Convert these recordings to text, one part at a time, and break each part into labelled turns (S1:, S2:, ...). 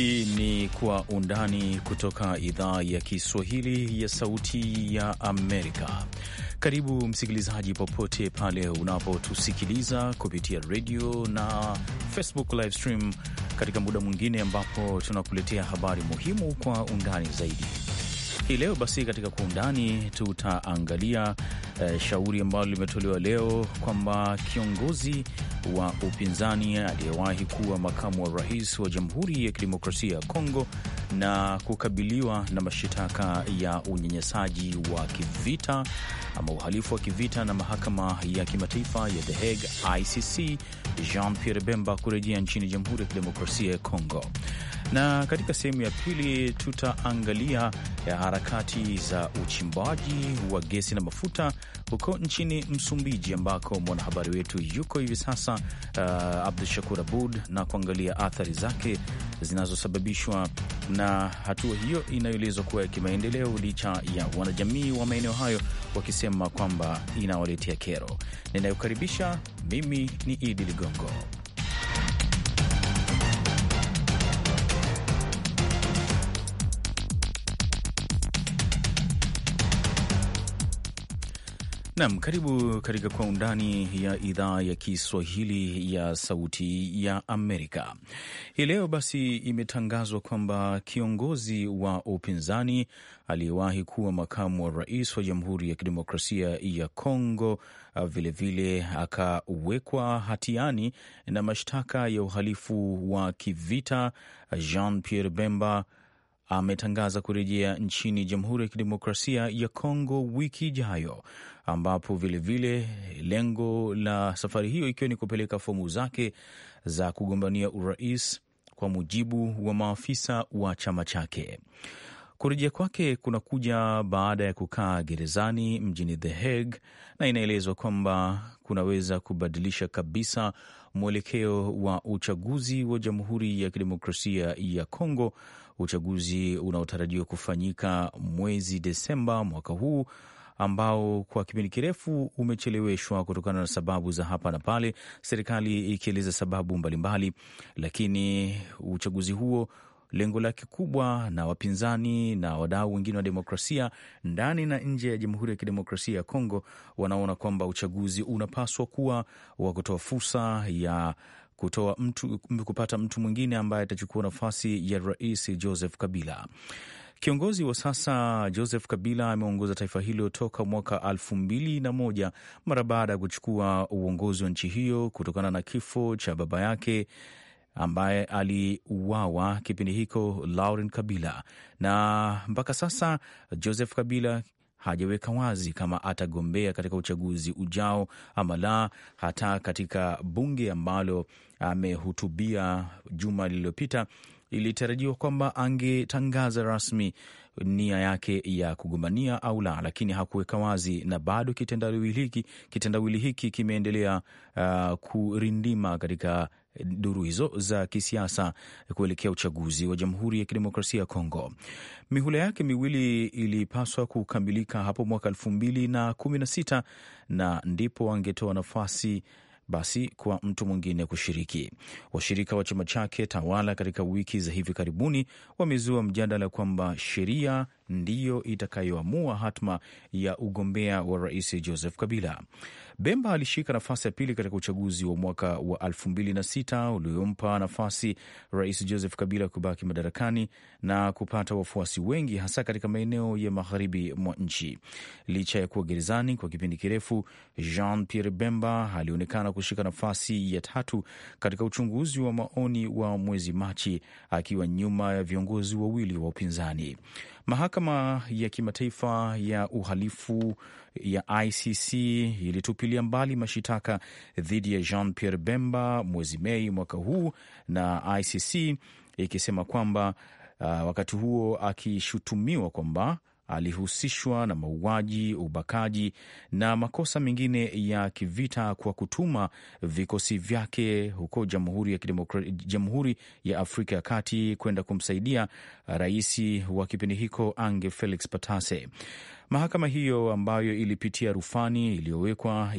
S1: Hii ni Kwa Undani kutoka idhaa ya Kiswahili ya Sauti ya Amerika. Karibu msikilizaji, popote pale unapotusikiliza kupitia radio na Facebook live stream, katika muda mwingine ambapo tunakuletea habari muhimu kwa undani zaidi. Hii leo basi, katika Kwa Undani tutaangalia eh, shauri ambalo limetolewa leo kwamba kiongozi wa upinzani aliyewahi kuwa makamu wa rais wa Jamhuri ya Kidemokrasia ya Kongo na kukabiliwa na mashitaka ya unyanyasaji wa kivita ama uhalifu wa kivita na mahakama ya kimataifa ya The Hague ICC, Jean Pierre Bemba kurejea nchini Jamhuri ya Kidemokrasia ya Kongo. Na katika sehemu ya pili tutaangalia eh, harakati za uchimbaji wa gesi na mafuta huko nchini Msumbiji, ambako mwanahabari wetu yuko hivi sasa, uh, eh, Abdu Shakur Abud, na kuangalia athari zake zinazosababishwa na hatua hiyo inayoelezwa kuwa ya kimaendeleo, licha ya wanajamii wa maeneo hayo wakisema kwamba inawaletea kero. Ninayokaribisha mimi ni Idi Ligongo. Nam, karibu katika Kwa Undani ya idhaa ya Kiswahili ya Sauti ya Amerika. Hii leo basi imetangazwa kwamba kiongozi wa upinzani aliyewahi kuwa makamu wa rais wa Jamhuri ya Kidemokrasia ya Kongo vilevile ah, akawekwa hatiani na mashtaka ya uhalifu wa kivita ah, Jean Pierre Bemba ametangaza kurejea nchini Jamhuri ya Kidemokrasia ya Kongo wiki ijayo, ambapo vilevile vile, lengo la safari hiyo ikiwa ni kupeleka fomu zake za kugombania urais kwa mujibu wa maafisa wa chama chake. Kurejea kwake kunakuja baada ya kukaa gerezani mjini The Hague na inaelezwa kwamba kunaweza kubadilisha kabisa mwelekeo wa uchaguzi wa Jamhuri ya Kidemokrasia ya Kongo uchaguzi unaotarajiwa kufanyika mwezi Desemba mwaka huu ambao kwa kipindi kirefu umecheleweshwa kutokana na sababu za hapa na pale, serikali ikieleza sababu mbalimbali mbali, lakini uchaguzi huo lengo lake kubwa, na wapinzani na wadau wengine wa demokrasia ndani na nje ya Jamhuri ya Kidemokrasia ya Kongo wanaona kwamba uchaguzi unapaswa kuwa wa kutoa fursa ya kutoa mtu, kupata mtu mwingine ambaye atachukua nafasi ya Rais Joseph Kabila. Kiongozi wa sasa Joseph Kabila ameongoza taifa hilo toka mwaka elfu mbili na moja mara baada ya kuchukua uongozi wa nchi hiyo kutokana na kifo cha baba yake ambaye aliuawa kipindi hicho Laurent Kabila, na mpaka sasa Joseph Kabila hajaweka wazi kama atagombea katika uchaguzi ujao ama la, hata katika bunge ambalo amehutubia juma lililopita ilitarajiwa kwamba angetangaza rasmi nia yake ya kugombania au la, lakini hakuweka wazi, na bado kitendawili hiki kitendawili hiki kimeendelea uh, kurindima katika duru hizo za kisiasa kuelekea uchaguzi wa Jamhuri ya Kidemokrasia ya Kongo. Mihula yake miwili ilipaswa kukamilika hapo mwaka elfu mbili na kumi na sita na ndipo angetoa nafasi basi kwa mtu mwingine kushiriki. Washirika wa chama chake tawala katika wiki za hivi karibuni wamezua mjadala kwamba sheria ndiyo itakayoamua hatma ya ugombea wa rais Joseph Kabila. Bemba alishika nafasi ya pili katika uchaguzi wa mwaka wa 2006 uliompa nafasi rais Joseph Kabila kubaki madarakani na kupata wafuasi wengi hasa katika maeneo ya magharibi mwa nchi. Licha ya kuwa gerezani kwa kipindi kirefu, Jean Pierre Bemba alionekana kushika nafasi ya tatu katika uchunguzi wa maoni wa mwezi Machi, akiwa nyuma ya viongozi wawili wa upinzani. Mahakama ya Kimataifa ya Uhalifu ya ICC ilitupilia mbali mashitaka dhidi ya Jean Pierre Bemba mwezi Mei mwaka huu, na ICC ikisema kwamba uh, wakati huo akishutumiwa kwamba alihusishwa na mauaji, ubakaji na makosa mengine ya kivita kwa kutuma vikosi vyake huko Jamhuri ya Jamhuri ya Afrika ya Kati kwenda kumsaidia rais wa kipindi hicho Ange Felix Patase. Mahakama hiyo ambayo ilipitia rufani iliyowekwa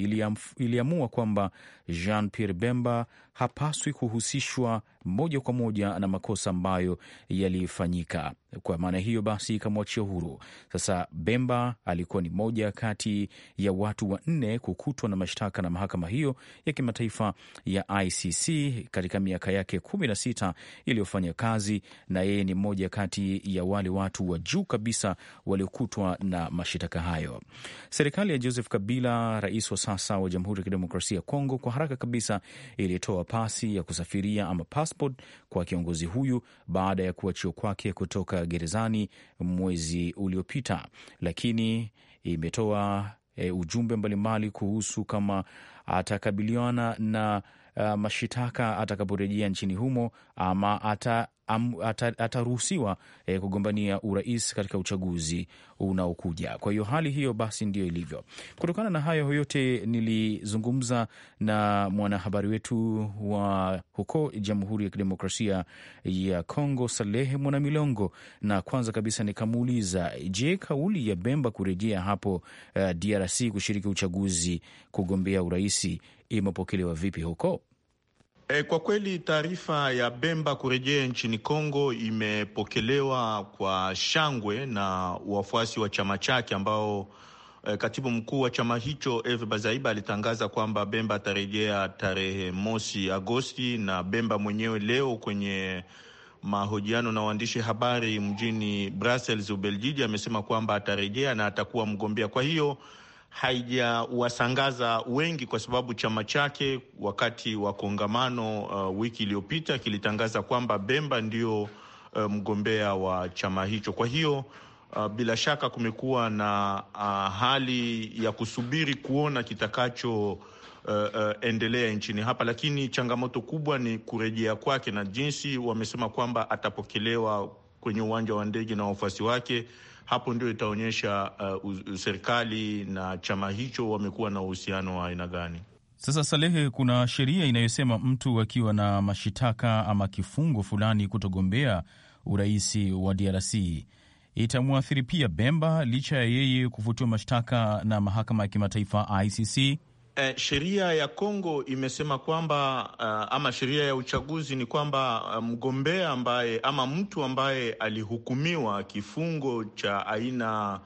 S1: iliamua kwamba Jean Pierre Bemba hapaswi kuhusishwa moja kwa moja na makosa ambayo yalifanyika. Kwa maana hiyo basi ikamwachia huru. Sasa Bemba alikuwa ni moja kati ya watu wanne kukutwa na mashtaka na mahakama hiyo ya kimataifa ya ICC katika miaka yake kumi na sita iliyofanya kazi, na yeye ni moja kati ya wale watu wa juu kabisa waliokutwa na mashitaka hayo. Serikali ya Joseph Kabila, rais wa sasa wa Jamhuri ya Kidemokrasia ya Kongo, kwa haraka kabisa ilitoa pasi ya kusafiria ama passport kwa kiongozi huyu baada ya kuachiwa kwake kutoka gerezani mwezi uliopita, lakini imetoa e, ujumbe mbalimbali kuhusu kama atakabiliana na uh, mashitaka atakaporejea nchini humo ama ata ataruhusiwa eh, kugombania urais katika uchaguzi unaokuja. Kwa hiyo hali hiyo basi ndio ilivyo. Kutokana na hayo yote, nilizungumza na mwanahabari wetu wa huko Jamhuri ya Kidemokrasia ya Kongo, Salehe Mwanamilongo, na kwanza kabisa nikamuuliza, je, kauli ya Bemba kurejea hapo uh, DRC kushiriki uchaguzi kugombea uraisi imepokelewa vipi huko?
S2: E, kwa kweli taarifa ya Bemba kurejea nchini Kongo imepokelewa kwa shangwe na wafuasi wa chama chake ambao e, katibu mkuu wa chama hicho Eve Bazaiba alitangaza kwamba Bemba atarejea tarehe mosi Agosti, na Bemba mwenyewe leo kwenye mahojiano na waandishi habari mjini Brussels, Ubelgiji, amesema kwamba atarejea na atakuwa mgombea. Kwa hiyo haijawasangaza wengi kwa sababu chama chake wakati wa kongamano uh, wiki iliyopita kilitangaza kwamba Bemba ndio uh, mgombea wa chama hicho. Kwa hiyo uh, bila shaka kumekuwa na uh, hali ya kusubiri kuona kitakacho Uh, uh, endelea nchini hapa, lakini changamoto kubwa ni kurejea kwake na jinsi wamesema kwamba atapokelewa kwenye uwanja wa ndege na wafuasi wake hapo ndio itaonyesha uh, uh, serikali na chama hicho wamekuwa na uhusiano wa aina gani.
S1: Sasa Salehe, kuna sheria inayosema mtu akiwa na mashitaka ama kifungo fulani kutogombea urais wa DRC itamwathiri pia Bemba licha ya yeye kufutiwa mashtaka na mahakama ya kimataifa ICC.
S2: Eh, sheria ya Kongo imesema kwamba uh, ama sheria ya uchaguzi ni kwamba uh, mgombea ambaye ama mtu ambaye alihukumiwa kifungo cha aina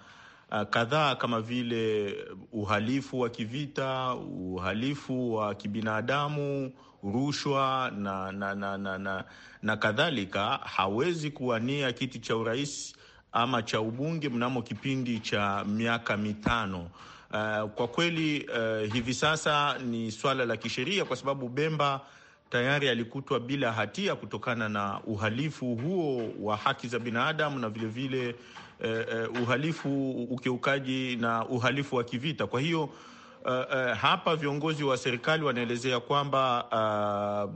S2: uh, kadhaa kama vile uhalifu wa kivita, uhalifu wa kibinadamu, rushwa na, na, na, na, na, na kadhalika hawezi kuwania kiti cha urais ama cha ubunge mnamo kipindi cha miaka mitano. Eh, kwa kweli uh, hivi sasa ni swala la kisheria kwa sababu Bemba tayari alikutwa bila hatia kutokana na uhalifu huo wa haki za binadamu na vilevile vile, uh, uhalifu ukiukaji na uhalifu wa kivita. Kwa hiyo uh, uh, hapa viongozi wa serikali wanaelezea kwamba uh,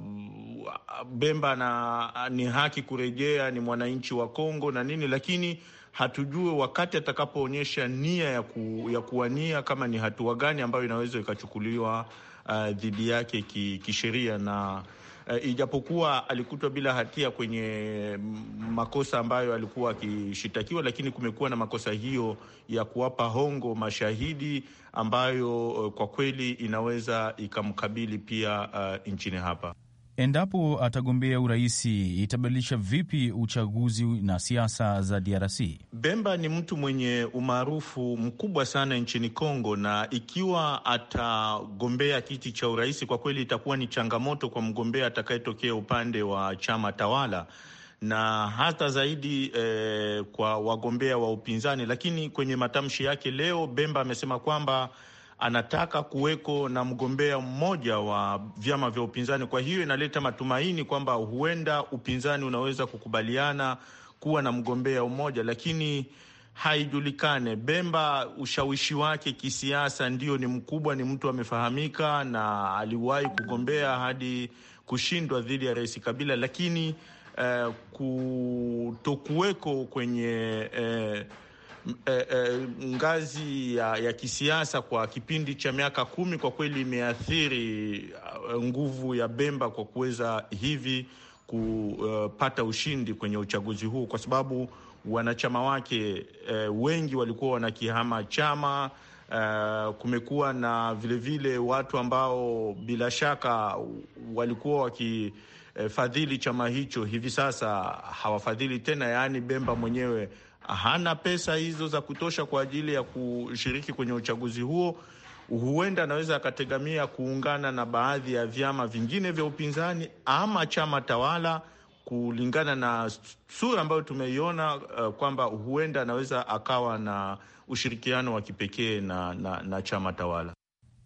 S2: Bemba na, ni haki kurejea, ni mwananchi wa Kongo na nini lakini hatujue wakati atakapoonyesha nia ya, ku, ya kuwania kama ni hatua gani ambayo inaweza ikachukuliwa uh, dhidi uh, yake kisheria ki na uh, ijapokuwa alikutwa bila hatia kwenye makosa ambayo alikuwa akishitakiwa, lakini kumekuwa na makosa hiyo ya kuwapa hongo mashahidi ambayo uh, kwa kweli inaweza ikamkabili pia uh, nchini hapa
S1: endapo atagombea uraisi itabadilisha vipi uchaguzi na siasa za DRC?
S2: Bemba ni mtu mwenye umaarufu mkubwa sana nchini Kongo, na ikiwa atagombea kiti cha uraisi, kwa kweli itakuwa ni changamoto kwa mgombea atakayetokea upande wa chama tawala na hata zaidi eh, kwa wagombea wa upinzani. Lakini kwenye matamshi yake leo Bemba amesema kwamba anataka kuweko na mgombea mmoja wa vyama vya upinzani. Kwa hiyo inaleta matumaini kwamba huenda upinzani unaweza kukubaliana kuwa na mgombea mmoja, lakini haijulikane. Bemba ushawishi wake kisiasa ndio ni mkubwa, ni mtu amefahamika na aliwahi kugombea hadi kushindwa dhidi ya Rais Kabila, lakini eh, kutokuweko kwenye eh, eh, eh, ngazi ya, ya kisiasa kwa kipindi cha miaka kumi kwa kweli imeathiri eh, nguvu ya Bemba kwa kuweza hivi kupata eh, ushindi kwenye uchaguzi huu kwa sababu wanachama wake eh, wengi walikuwa wanakihama chama. Uh, kumekuwa na vilevile vile watu ambao bila shaka walikuwa wakifadhili chama hicho hivi sasa hawafadhili tena, yaani Bemba mwenyewe hana pesa hizo za kutosha kwa ajili ya kushiriki kwenye uchaguzi huo, huenda anaweza akategemea kuungana na baadhi ya vyama vingine vya upinzani ama chama tawala kulingana na sura ambayo tumeiona uh, kwamba huenda anaweza akawa na ushirikiano wa kipekee na, na, na chama tawala.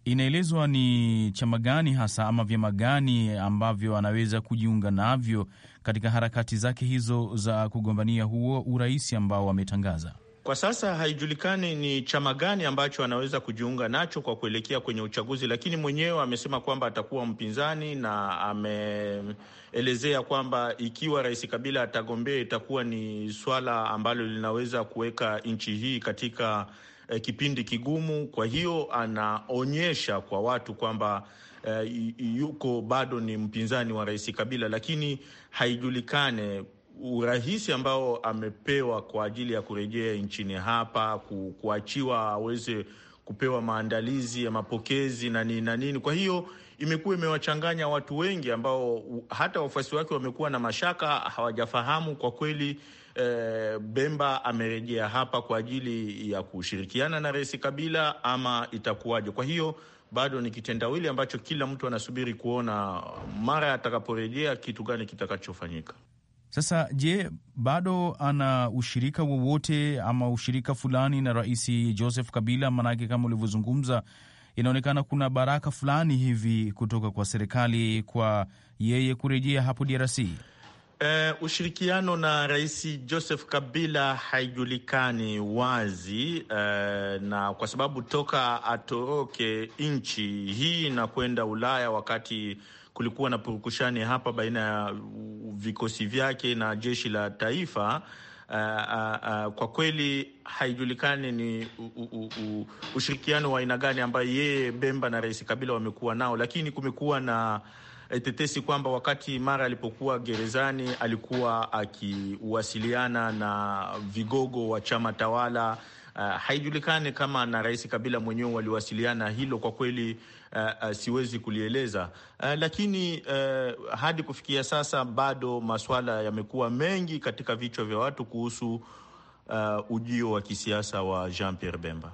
S2: Inaelezwa
S1: ni chama gani hasa ama vyama gani ambavyo anaweza kujiunga navyo katika harakati zake hizo za kugombania huo urais ambao wametangaza.
S2: Kwa sasa haijulikani ni chama gani ambacho anaweza kujiunga nacho kwa kuelekea kwenye uchaguzi, lakini mwenyewe amesema kwamba atakuwa mpinzani na ameelezea kwamba ikiwa Rais Kabila atagombea itakuwa ni swala ambalo linaweza kuweka nchi hii katika eh, kipindi kigumu. Kwa hiyo anaonyesha kwa watu kwamba eh, yuko bado ni mpinzani wa Rais Kabila, lakini haijulikane urahisi ambao amepewa kwa ajili ya kurejea nchini hapa, ku, kuachiwa aweze kupewa maandalizi ya mapokezi na nini na nini. Kwa hiyo imekuwa imewachanganya watu wengi ambao hata wafuasi wake wamekuwa na mashaka, hawajafahamu kwa kweli e, Bemba amerejea hapa kwa ajili ya kushirikiana na Rais Kabila ama itakuwaje? Kwa hiyo bado ni kitendawili ambacho kila mtu anasubiri kuona mara atakaporejea kitu gani kitakachofanyika.
S1: Sasa je, bado ana ushirika wowote ama ushirika fulani na Rais Joseph Kabila? Maanake kama ulivyozungumza, inaonekana kuna baraka fulani hivi kutoka kwa serikali kwa yeye kurejea hapo DRC.
S2: Eh, ushirikiano na Rais Joseph Kabila haijulikani wazi eh, na kwa sababu toka atoroke nchi hii na kwenda Ulaya wakati kulikuwa na purukushani hapa baina ya vikosi vyake na jeshi la taifa. Uh, uh, uh, kwa kweli haijulikani ni u, u, u, ushirikiano wa aina gani ambayo yeye Bemba na Rais Kabila wamekuwa nao, lakini kumekuwa na tetesi kwamba wakati mara alipokuwa gerezani alikuwa akiwasiliana na vigogo wa chama tawala. Uh, haijulikani kama na Rais Kabila mwenyewe waliwasiliana. Hilo kwa kweli uh, uh, siwezi kulieleza uh, lakini uh, hadi kufikia sasa bado masuala yamekuwa mengi katika vichwa vya watu kuhusu uh, ujio wa kisiasa wa Jean Pierre Bemba.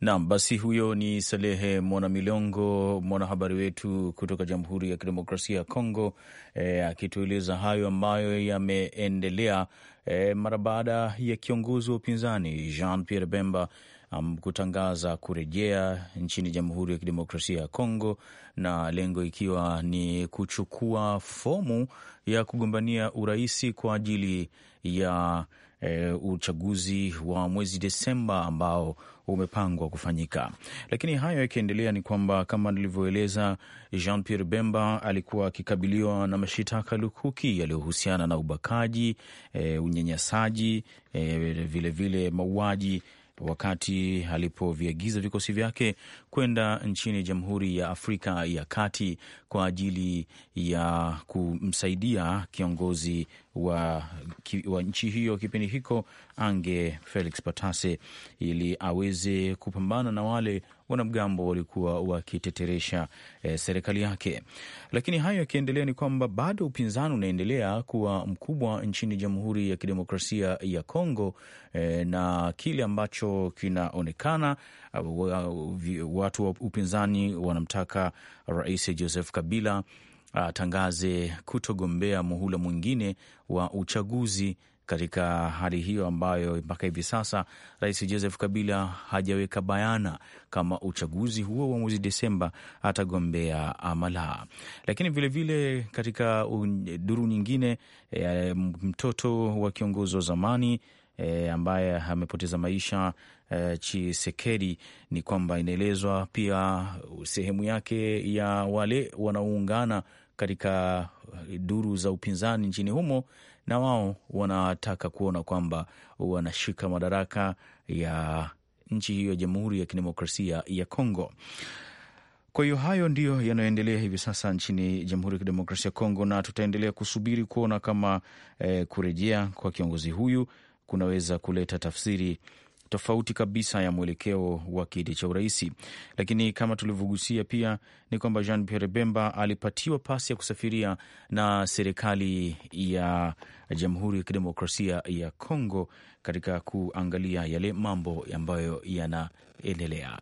S1: Naam, basi huyo ni Salehe Mwanamilongo, mwanahabari wetu kutoka Jamhuri ya Kidemokrasia ya Kongo eh, akitueleza hayo ambayo yameendelea e, mara baada ya kiongozi wa upinzani Jean Pierre Bemba um, kutangaza kurejea nchini Jamhuri ya Kidemokrasia ya Kongo, na lengo ikiwa ni kuchukua fomu ya kugombania uraisi kwa ajili ya e, uchaguzi wa mwezi Desemba ambao umepangwa kufanyika. Lakini hayo yakiendelea, ni kwamba kama nilivyoeleza, Jean Pierre Bemba alikuwa akikabiliwa na mashitaka lukuki yaliyohusiana na ubakaji, e, unyanyasaji, vilevile eh, vile mauaji wakati alipoviagiza vikosi vyake kwenda nchini Jamhuri ya Afrika ya Kati kwa ajili ya kumsaidia kiongozi wa, wa nchi hiyo kipindi hiko ange Felix Patase, ili aweze kupambana na wale wanamgambo walikuwa wakiteteresha e, serikali yake. Lakini hayo yakiendelea, ni kwamba bado upinzani unaendelea kuwa mkubwa nchini Jamhuri ya Kidemokrasia ya Kongo e, na kile ambacho kinaonekana uh, watu wa upinzani wanamtaka Rais Joseph Kabila atangaze kutogombea muhula mwingine wa uchaguzi katika hali hiyo ambayo mpaka hivi sasa Rais Joseph Kabila hajaweka bayana kama uchaguzi huo wa mwezi Desemba atagombea ama la. Lakini vilevile vile katika duru nyingine e, mtoto wa kiongozi wa zamani e, ambaye amepoteza maisha e, Chisekedi, ni kwamba inaelezwa pia sehemu yake ya wale wanaoungana katika eh, duru za upinzani nchini humo, na wao wanataka kuona kwamba wanashika madaraka ya nchi hiyo ya Jamhuri ya Kidemokrasia ya Kongo. Kwa hiyo hayo ndiyo yanayoendelea hivi sasa nchini Jamhuri ya Kidemokrasia ya Kongo, na tutaendelea kusubiri kuona kama eh, kurejea kwa kiongozi huyu kunaweza kuleta tafsiri tofauti kabisa ya mwelekeo wa kiti cha uraisi. Lakini kama tulivyogusia pia ni kwamba Jean Pierre Bemba alipatiwa pasi ya kusafiria na serikali ya Jamhuri ya Kidemokrasia ya Kongo katika kuangalia yale mambo ambayo yanaendelea.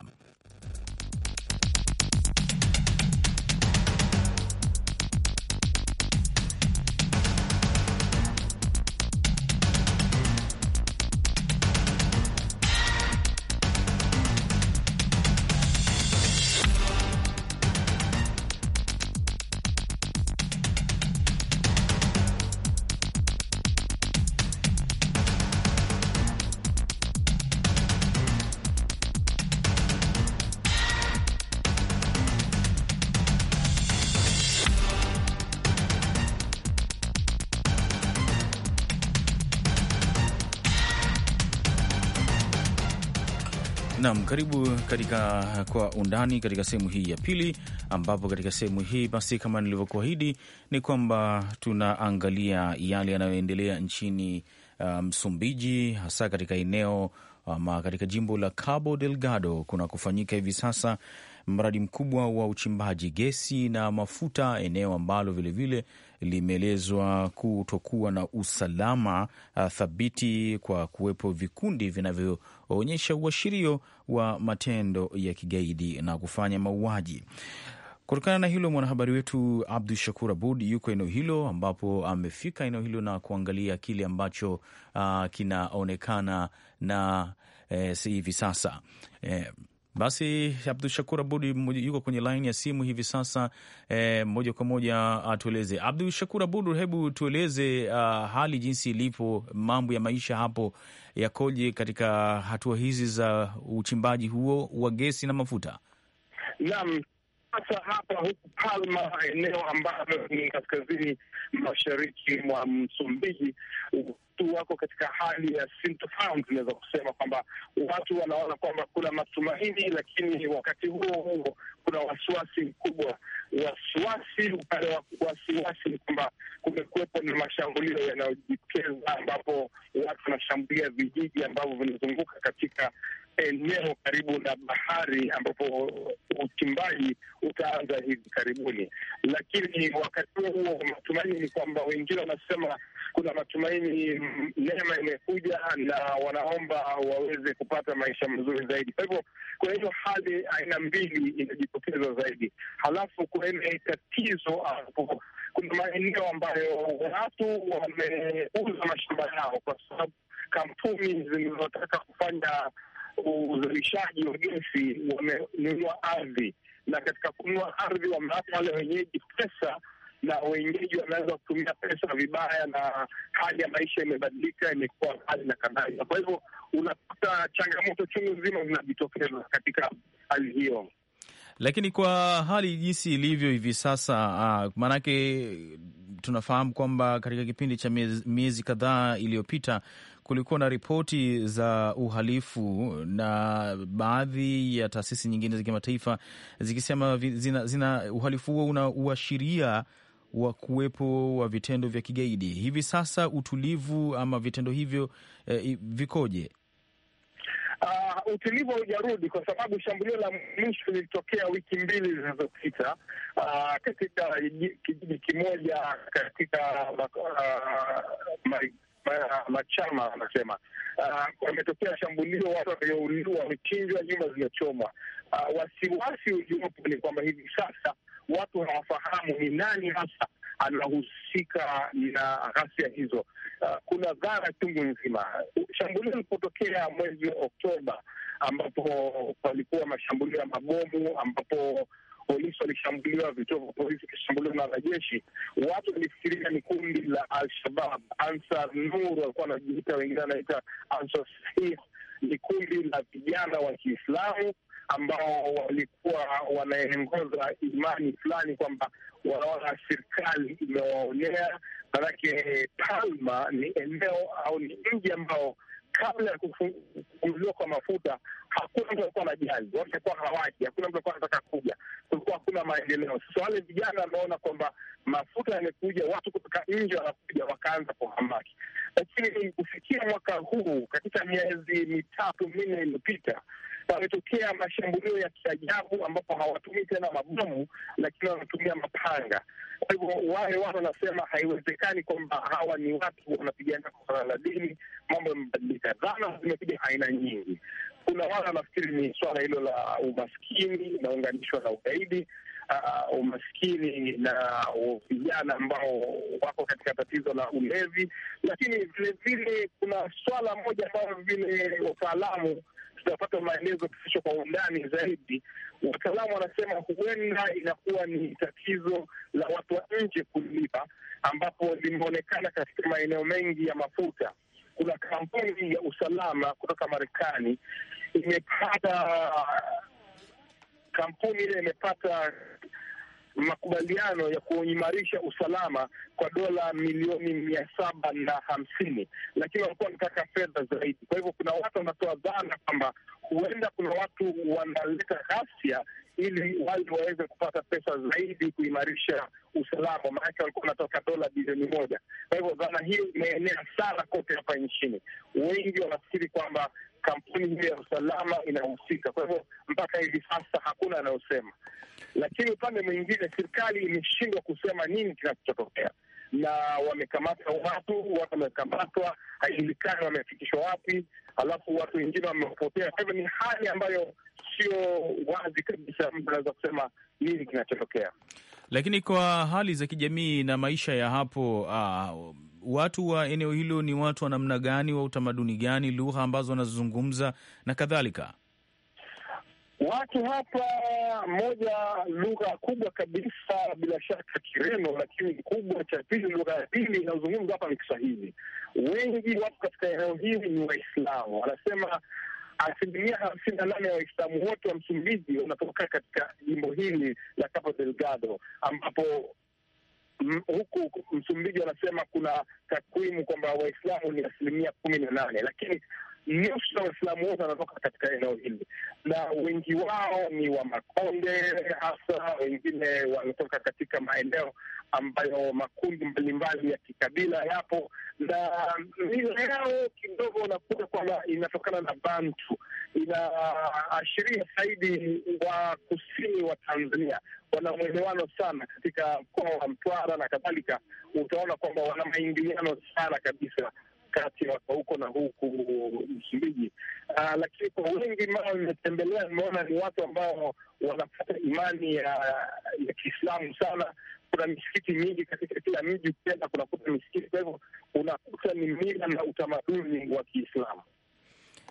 S1: Nam, karibu katika Kwa Undani katika sehemu hii ya pili, ambapo katika sehemu hii basi, kama nilivyokuahidi, ni kwamba tunaangalia yale yanayoendelea nchini uh, Msumbiji, um, hasa katika eneo ama katika jimbo la Cabo Delgado kuna kufanyika hivi sasa mradi mkubwa wa uchimbaji gesi na mafuta, eneo ambalo vilevile limeelezwa kutokuwa na usalama uh, thabiti kwa kuwepo vikundi vinavyoonyesha uashirio wa matendo ya kigaidi na kufanya mauaji. Kutokana na hilo, mwanahabari wetu Abdu Shakur Abud yuko eneo hilo, ambapo amefika eneo hilo na kuangalia kile ambacho uh, kinaonekana na eh, hivi sasa eh, basi Abdu Shakur Abud yuko kwenye laini ya simu hivi sasa E, moja kwa moja atueleze. Ah, Abdu Shakur Abud, hebu tueleze uh, hali jinsi ilipo mambo ya maisha hapo yakoje katika hatua hizi za uchimbaji huo wa gesi na mafuta?
S3: Naam, hasa hapa huku Palma, eneo ambalo ni kaskazini mashariki mwa Msumbiji tu wako katika hali ya sintofahamu. Tunaweza kusema kwamba watu wanaona kwamba kuna matumaini, lakini wakati huo huo kuna wasiwasi mkubwa. Wasiwasi upande wa wasiwasi ni kwamba kumekuwepo na mashambulio yanayojitokeza, ambapo watu wanashambulia vijiji ambavyo vinazunguka katika eneo karibu na bahari ambapo uchimbaji utaanza hivi karibuni. Lakini wakati huo huo, matumaini ni kwamba wengine wanasema kuna matumaini, neema imekuja na wanaomba waweze kupata maisha mazuri zaidi. Kwa hivyo, kuna hiyo hali aina mbili inajitokeza zaidi, halafu kuna tatizo ambapo kuna maeneo ambayo watu wameuza mashamba yao kwa sababu kampuni zinazotaka kufanya uzalishaji wa gesi wamenunua ardhi, na katika kununua ardhi wamewapa wale wenyeji pesa, na wenyeji wameanza kutumia pesa vibaya, na hali ya maisha imebadilika, imekuwa hali na kadhalika. Kwa hivyo unakuta changamoto chungu nzima zinajitokeza katika hali hiyo
S1: lakini kwa hali jinsi ilivyo hivi sasa ah, maanake tunafahamu kwamba katika kipindi cha miezi kadhaa iliyopita kulikuwa na ripoti za uhalifu na baadhi ya taasisi nyingine za kimataifa zikisema zina, zina uhalifu huo una uashiria wa kuwepo wa vitendo vya kigaidi. Hivi sasa utulivu ama vitendo hivyo eh, vikoje?
S3: Uh, utulivu haujarudi kwa sababu shambulio la mwisho lilitokea wiki mbili zilizopita, uh, katika kijiji kimoja katika uh, machama anasema ah, wametokea uh, shambulio, watu waliouliwa, wamechinjwa, nyumba zimechomwa. Uh, wasiwasi uliopo ni kwamba hivi sasa watu hawafahamu ni nani hasa anahusika na ghasia hizo. Uh, kuna dhara chungu nzima. Shambulio lilipotokea mwezi wa Oktoba, ambapo palikuwa mashambulio ya mabomu ambapo polisi walishambuliwa, vituo vya polisi vikishambuliwa na wanajeshi, watu walifikiria ni kundi la alshabab Ansar Nur walikuwa wanajiita, wengine wanaita Ansar Sahih. Ni kundi la vijana wa Kiislamu ambao walikuwa wanaongoza imani fulani, kwamba wanaona serikali imewaonea. Manake Palma ni eneo au ni mji ambao kabla ya kufunguliwa kwa mafuta hakuna mtu alikuwa anajali, watu walikuwa hawaji, hakuna mtu alikuwa anataka kuja, kulikuwa hakuna maendeleo. Sasa wale vijana wameona kwamba mafuta yamekuja, watu kutoka nje wanakuja, wakaanza kuhamaki. Lakini kufikia mwaka huu katika miezi mitatu minne iliyopita pametokea mashambulio ya kiajabu, ambapo hawatumii tena mabomu, lakini wanatumia mapanga. Kwa hivyo wale watu wanasema haiwezekani kwamba hawa ni watu wanapigania kutokana na dini. Mambo yamebadilika, dhana zimepiga aina nyingi. Kuna wale wanafikiri ni swala hilo la umaskini inaunganishwa na ugaidi. Uh, umaskini na vijana ambao wako katika tatizo la ulevi, lakini vilevile kuna swala moja ambalo vile wataalamu tutapata maelezo kisicho kwa undani zaidi. Wataalamu wanasema huenda inakuwa ni tatizo la watu wa nje kulipa, ambapo limeonekana katika maeneo mengi ya mafuta. Kuna kampuni ya usalama kutoka Marekani imepata kampuni ile imepata makubaliano ya kuimarisha usalama kwa dola milioni mia saba na hamsini, lakini walikuwa wanataka fedha zaidi. Kwa hivyo kuna watu wanatoa dhana kwamba huenda kuna watu wanaleta ghasia ili wale waweze kupata pesa zaidi kuimarisha usalama, maanake walikuwa wanatoka dola bilioni moja. Kwa hivyo dhana hiyo imeenea sana kote hapa nchini. Wengi wanafikiri kwamba kampuni hiyo ya usalama inahusika. Kwa hivyo mpaka hivi sasa hakuna anayosema, lakini upande mwingine serikali imeshindwa kusema nini kinachotokea, na wamekamata watu, watu wamekamatwa, haijulikani wamefikishwa wapi, alafu watu wengine wamepotea. Kwa hivyo ni hali ambayo sio wazi kabisa, mtu anaweza kusema nini kinachotokea,
S1: lakini kwa hali za kijamii na maisha ya hapo uh watu wa eneo hilo ni watu wa namna gani, wa utamaduni gani, lugha ambazo wanazungumza na kadhalika?
S3: Watu hapa, moja, lugha kubwa kabisa bila shaka Kireno, lakini kubwa cha pili, lugha ya pili inayozungumza hapa ni Kiswahili. Wengi watu katika eneo hili ni Waislamu, wanasema asilimia hamsini na nane ya Waislamu wote wa Msumbiji wanatoka katika jimbo hili la Cabo Delgado, ambapo huku Msumbiji wanasema kuna takwimu kwamba Waislamu ni asilimia kumi na nane lakini nusu ya Waislamu wote wanatoka katika eneo hili, na wengi wao ni wa Makonde, hasa wengine wanatoka katika maeneo ambayo makundi mbalimbali ya kikabila yapo, na mila yao kidogo unakuta kwamba inatokana na Bantu inaashiria zaidi wa kusini wa Tanzania wana mwelewano sana katika mkoa wa Mtwara na kadhalika. Utaona kwamba wana maingiliano sana kabisa kati ya watu huko na huku Msumbiji. Uh, lakini kwa wengi mao nimetembelea nimeona ni watu ambao wanapata imani ya, ya Kiislamu sana. Kuna misikiti mingi katika kila mji, ukienda kunakuta misikiti. Kwa hivyo unakuta ni mila na utamaduni wa Kiislamu.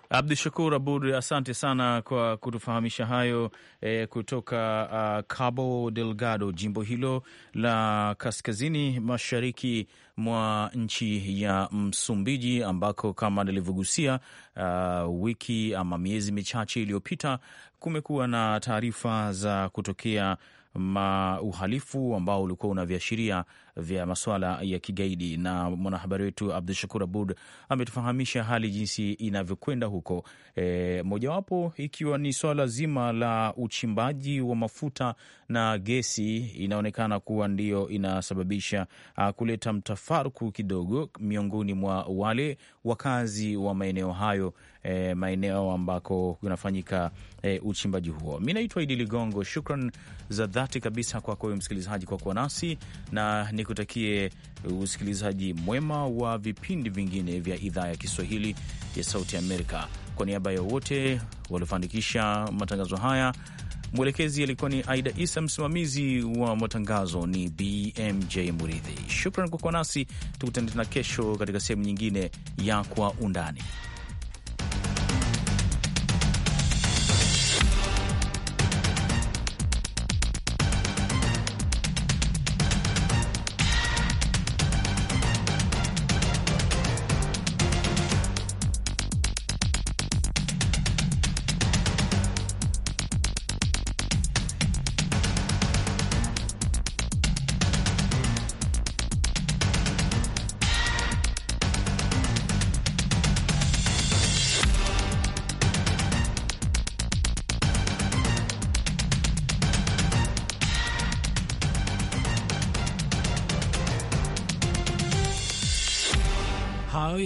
S1: Abdu Shakur Abud, asante sana kwa kutufahamisha hayo eh, kutoka uh, Cabo Delgado, jimbo hilo la kaskazini mashariki mwa nchi ya Msumbiji, ambako kama nilivyogusia uh, wiki ama miezi michache iliyopita kumekuwa na taarifa za kutokea ma uhalifu ambao ulikuwa una viashiria vya masuala ya kigaidi, na mwanahabari wetu Abdu Shakur Abud ametufahamisha hali jinsi inavyokwenda huko, e, mojawapo ikiwa ni swala zima la uchimbaji wa mafuta na gesi, inaonekana kuwa ndio inasababisha a, kuleta mtafaruku kidogo miongoni mwa wale wakazi wa maeneo hayo eh, maeneo ambako kunafanyika eh, uchimbaji huo. Mi naitwa Idi Ligongo, shukran za dhati kabisa kwako wewe msikilizaji kwa kuwa nasi na nikutakie usikilizaji mwema wa vipindi vingine vya idhaa ya Kiswahili ya Sauti Amerika. Kwa niaba ya wote waliofanikisha matangazo haya Mwelekezi alikuwa ni Aida Isa, msimamizi wa matangazo ni BMJ Muridhi. Shukran kwa kuwa nasi, tukutane tena kesho katika sehemu nyingine ya Kwa Undani.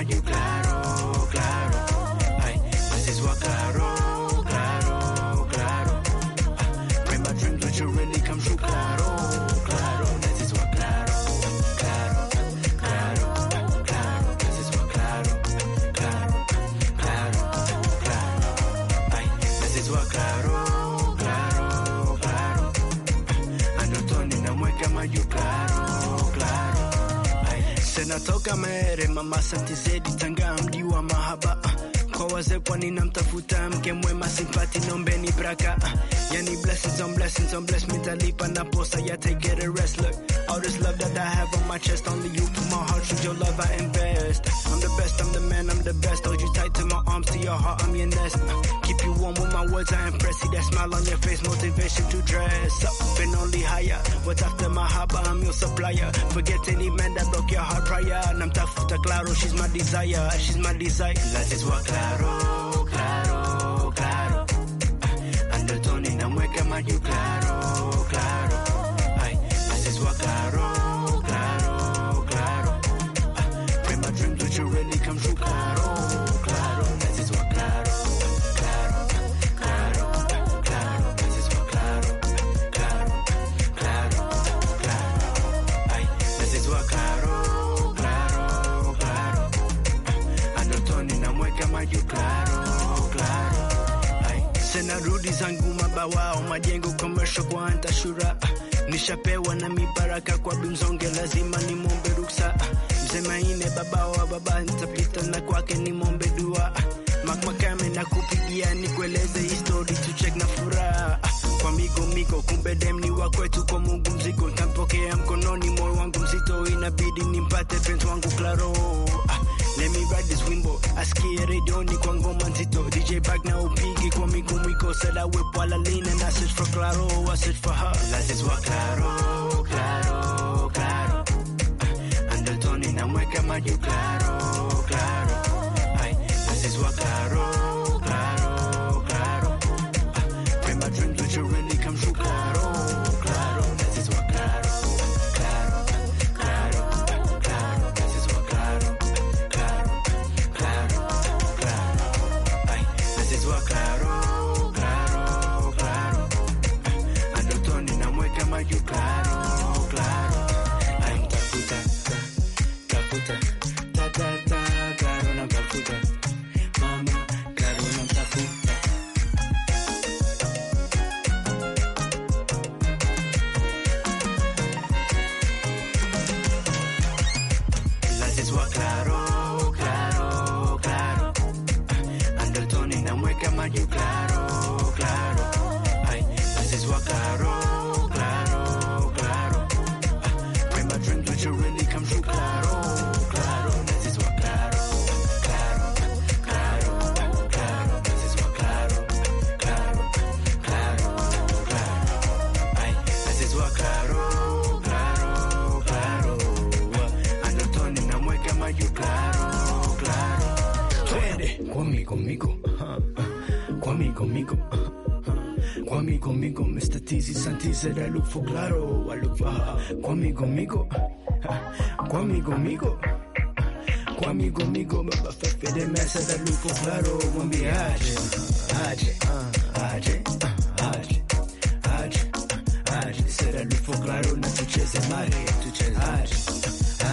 S4: baño claro. toka mere mama santi zedi tanga mdi wa mahaba kwa wazee kwani namtafuta mke mwema simpati nombeni braka yani blessings on blessings on bless me talipa na posa yet I get rest look all this love that I have on my chest only you put my heart through your love I invest I'm the best I'm the man I'm the best hold you tight to my arms to your heart I'm your nest one with my words, I impress. you. that smile on your face, motivation to dress up and only higher. What's after my haba, I'm your supplier. Forget any man that broke your heart prior. And I'm tough to Claro, she's my desire, she's my desire. La what Claro, Claro, Claro. Undertone, I'm waking my you Claro, Claro. zangu mabawao majengo commercial kwa antashura nishapewa na mibaraka kwa bimzonge lazima ni mombe ruksa mzee Maine babao wa baba nitapita na kwake ni mombe dua makmakame na kupigia ni kueleze histori tuchek na furaha kwa migo migo kumbe dem ni wakwetu kwa Mungu mziko ntampokea mkononi moyo wangu mzito inabidi nimpate penzi wangu Claro ah. Let me ride this wimbo, asikie redioni kwa ngoma nzito, DJ back na upigi kwa miguu miko, sela wepo ala lean and I search for claro, I search for her, lazis wa claro, claro, claro, uh, Andel Tony namweka maju claro, claro, ay, lazis wa claro Kwami conmigo, Kwami conmigo. Kwami conmigo, Mr. Teasy Santi said I look for claro, I look for her. Uh-huh. Kwami conmigo, uh-huh. Kwami conmigo. Uh-huh. Kwami conmigo, me va a hacer de mesa, I look for claro, Kwami Aje, Aje, Aje, Aje, Aje, Aje, said I look for claro, na tu chese mare, tu chese Aje,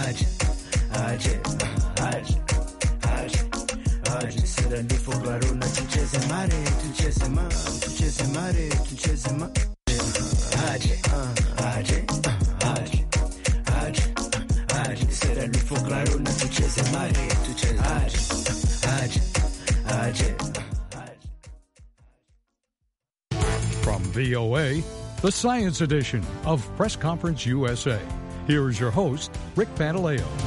S4: Aje, Aje, Aje sera mare, ma, mare, ma. sera mare,
S3: From VOA, the Science Edition of Press Conference USA. Here is your host, Rick Pantaleo.